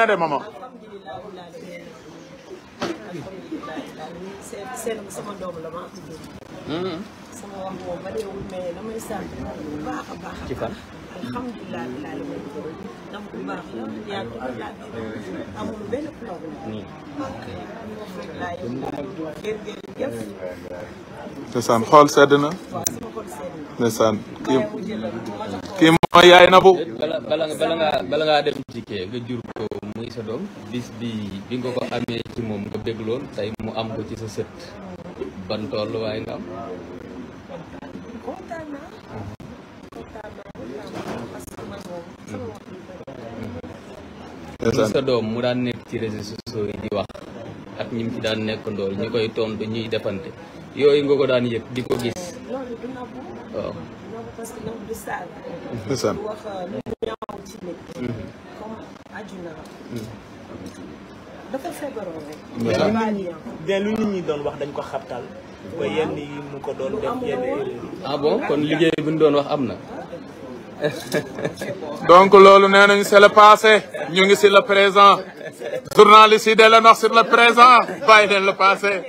na de maman. sama wax moom bëriwul mais damay sant bu baax a baax. ci fan. alhamdulilah bilaa la may doon. ndax bu baax la yàlla dafa laaj amul benn problème. ok moom rek laay jërëjëf. ndeysaan xool sedd na. waaw sama xool sedd na. ndeysaan kii. ma yaay na bu bala nga dem ci nga jur ko muy sa doom bis bi bi nga ko amee ci moom nga bégloon tey mu am ko ci sa sët ban toll waaye nga am sa doom mu daan nekk ci réseaux sociaux yi di wax ak ñi ci daan nekk ndool ñu koy tontu ñuy defante yooyu nga ko daan yëg di ko gis waaw parce que ñoom lu nit. ñi doon wax dañ ko xabtal. ba yenn yi ah kon liggéey bi ñu doon wax am na. donc loolu nee nañu c'est le passé ñu ngi si le présent journaliste yi de la nax sur le présent bàyyi leen le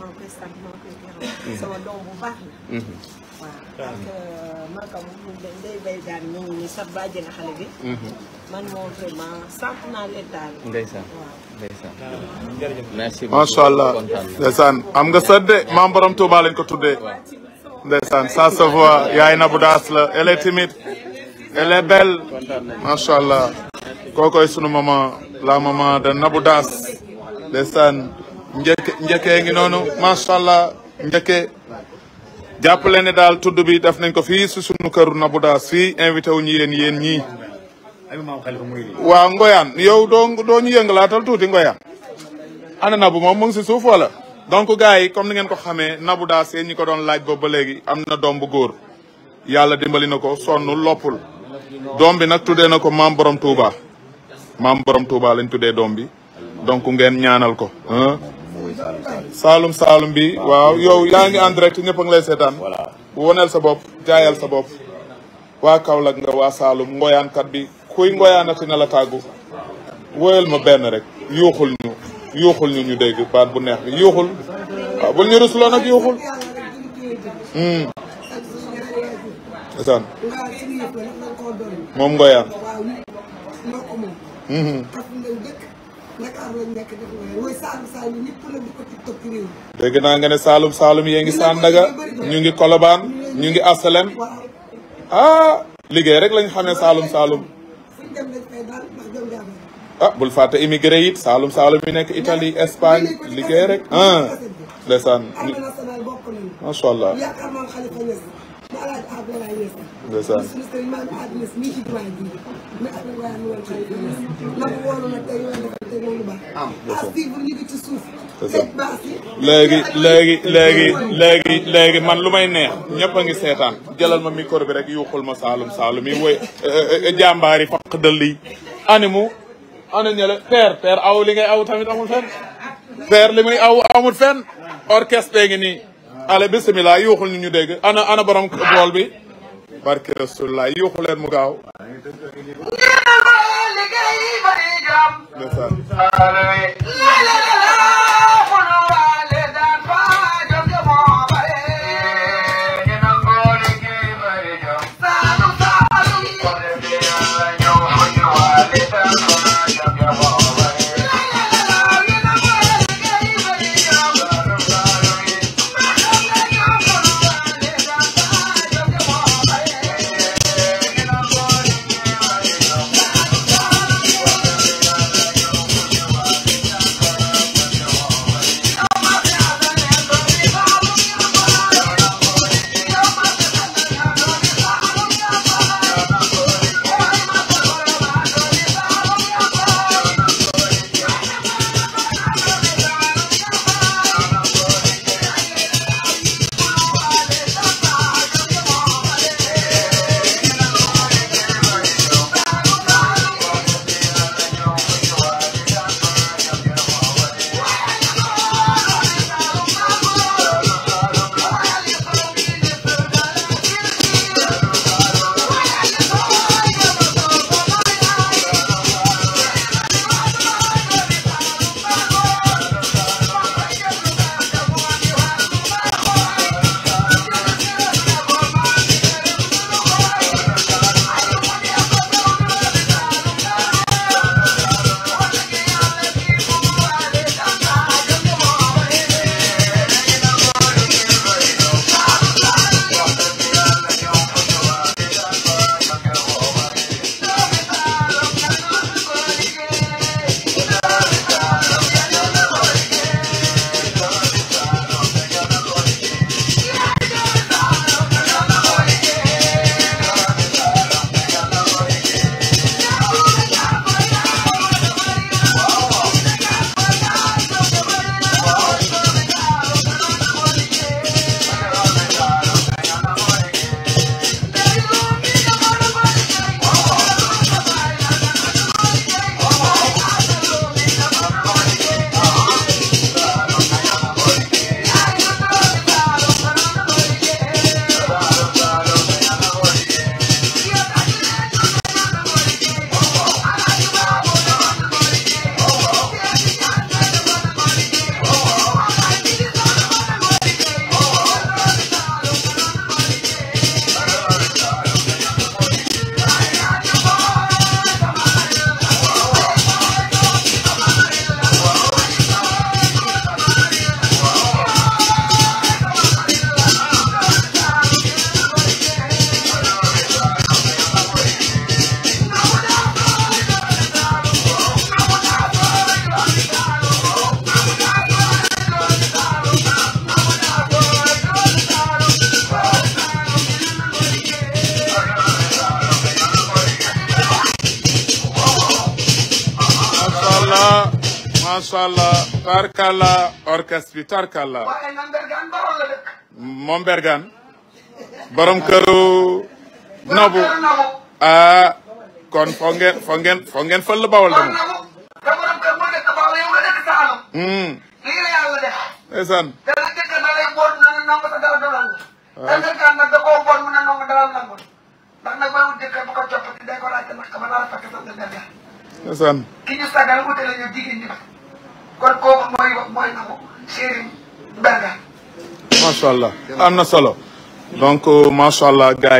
maa ngi na xale bi. man ah, allah ndeysaan am nga sët de maam borom Touba lañ ko tuddee. ndeysaan ça se yaay Nabou Daas la elle est timide. elle est belle. macha allah. kookoy sunu maman la maman de Nabou Daas ndeysaan. njëkke njëkkee ngi noonu macha allah njëkkee jàpp leen ne daal tudd bi def nañ ko fii si sunu kër Nabou Dash fii invité wu ñu yéen yéen ñii. waaw Ngoyaan yow doo doo ñu yëngalaatal tuuti Ngoyaan. ana Nabou moom mu ngi si suuf wala. donc gars yi comme ni ngeen ko xamee Nabou Dash ñi ko doon laaj boobu ba léegi am na doom bu góor. yàlla dimbali na ko sonnul loppul. doom bi nag na ko maam borom Touba. maam borom Touba lañ tuddee doom bi. donc ngeen ñaanal ko. saalum saalum bi waaw yow yaa ngi en direct ñëpp a ngi lay seetaan woneel sa bopp jaayal sa bopp waa Kaolack nga waa saalum ngoyaankat bi kuy ngoyaanati na la tàggu woyal ma benn rek yuuxul ñu yuuxul ñu ñu dégg baat bu neex bi yuuxul waaw bul ñu rusloo nag yuuxul hmm. moom ngoyaan hmm. Ndakaar lañ dégg naa nga ne salum Saalum yee ngi Sandaga ñu ngi Colobane ñu ngi Asalem ah, liggéey rek lañ xamee Saalum salum ah bul fàtte immigré it Saalum Saalum nekk Italie Espagne liggéey rek ah ndeysaan macha allah malade Abdoulaye Niass. léegi léegi léegi man lu may ne ñëpp a ngi seetaan jëlal ma micro bi rek yuuxul ma Saalum Saalum mi woy eh, eh, eh, jàmbaar faq dëll animu ana ñële père père aw li ngay aw tamit amul fenn père li muy aw amul fenn orchestre ngi nii ale bisimilah yuuxul ñu ñu dégg ana ana borom bool bi barke rasulullah yuuxu leen macha allah tarkala orchestre bi tarkala. waaye man Bergane borom la dëkk. moom Bergane. borom këru. Nabou ah kon foo ngeen foo ngeen foo ngeen fël bawal dama. da borom kër moo nekk bawal yow nga nekk Saalum. Hmm. lii la yàlla def. ndeysaan. da nga dégg na lay boot na ne nangu sa dara dalal la. waaw da nga nag da koo boot mu ne nangu dalal nangul. ndax nag booy wut jëkkër bu ko coppati day ko laajte ndax ka ba dara fekk sa nga ndeysaan. ki ñu sagal wute la ñu jigéen ñi kon kooku mooy mooy nangu Serigne Mbengue. macha allah am na solo donc euh, macha allah gars yi